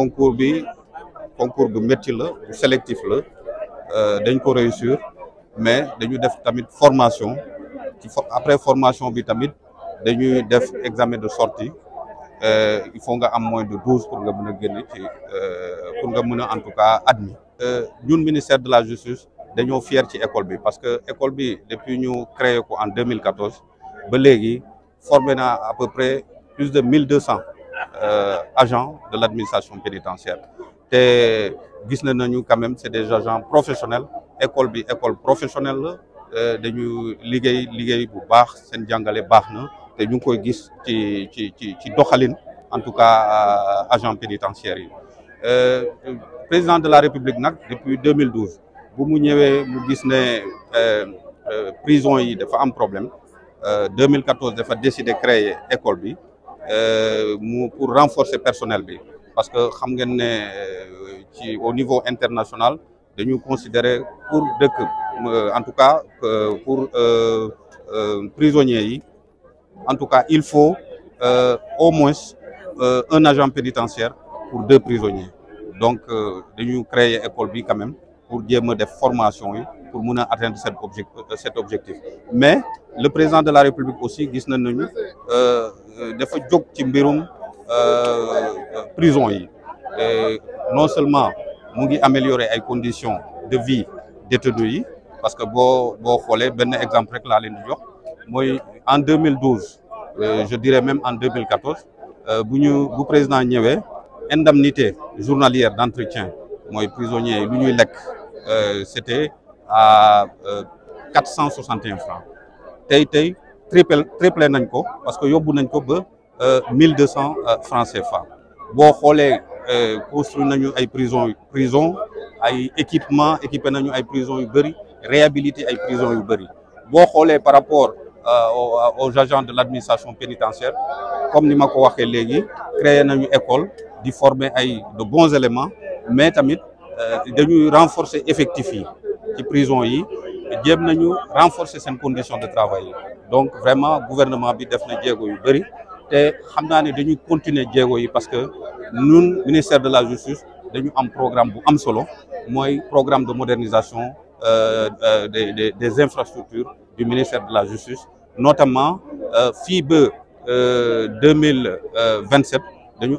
concours bi concours bu métier la sélectif la euh, dañ ko réussir mais dañu def tamit formation ci après formation bi tamit dañuy def examen de sortie euh, il faut nga am moins de 12 pour nga mën a génn ci euh, pour nga mën en tout cas admis ñun ministère de la justice dañoo fier ci école bi parce que école bi depuis ñu créé ko en 2014 ba formé naa à peu près plus de 1200 euh, agents de l'administration pénitentiaire Ce sont quand même c'est des agents professionnels école bi école professionnelle la euh, dañu liggéey liggéey bu baax seen jàngale baax na des ñu koy gis ci ci ci en tout cas euh, agents pénitentiaires yi euh, président de la République nak depuis 2012 bu mu vous mu gis ne euh, prison yi dafa am problème 2014 décidé décider créer école bi euh, pour renforcer personnel parce que xam euh, au niveau international nous considérer pour deux en tout cas pour euh, prisonniers en tout cas il faut au moins un agent pénitentiaire pour deux prisonniers donc nous créer école bi quand même pour dire des formations pour atteindre cet objectif mais le président de la république aussi gis nañ euh, dafa jog ci mbirum euh, prison yi non seulement mu ngi améliorer les conditions de vie des yi parce que bo bo xolé ben exemple rek la len en 2012 euh, je dirais même en 2014 bu ñu bu président ñëwé indemnité journalière d'entretien moy prisonnier c'était à 461 francs tay très triplé parce que y a ko ba femmes euh, euh, francs CFA bo euh, construit nañu ay prison prison ay équipement équipé nañu ay prison yu prison yu par rapport aux agents de l'administration pénitentiaire comme ni mako waxé légui créer créé nañu école di former ay de bons éléments mais tamit dañuy renforcer effectif yi ci prison yi jéem nañu renforcer ses conditions de travail donc vraiment le gouvernement a fait des choses. Et nous continuer parce que le ministère de la justice avons un programme programme de modernisation euh, euh, des infrastructures du ministère de la justice notamment FIBE 2027, euh,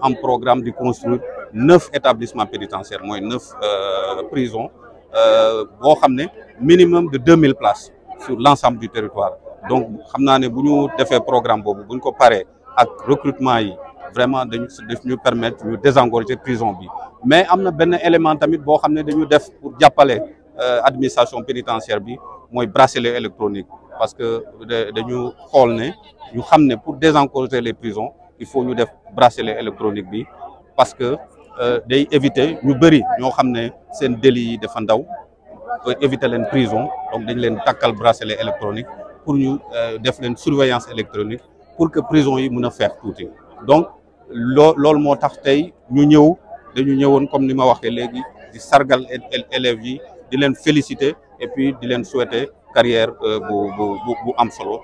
en euh, programme de construire neuf établissements pénitentiaires neuf prisons vont amener minimum de 2000 places sur l'ensemble du territoire donc xam naa ne bu programme boobu bu ñu ko paree ak recrutement yi vraiment dañu ñu permettre ñu désengorger prison bi mais am na benn élément tamit nous xam ne dañu def pour jàppale euh, administration pénitentiaire bi brasser bracelet électronique parce que dañu xool ne ñu xam pour désengorger les prisons il faut ñu def bracelet électronique bi parce que euh, day éviter ñu nous ñoo xam ne seen délit yi dafa pour éviter les prison donc dañ leen takkal bracelet électronique pour nous faire une surveillance électronique pour que prison yi tout donc c'est ce comme nous dit, sargal féliciter et puis di souhaiter carrière euh, solo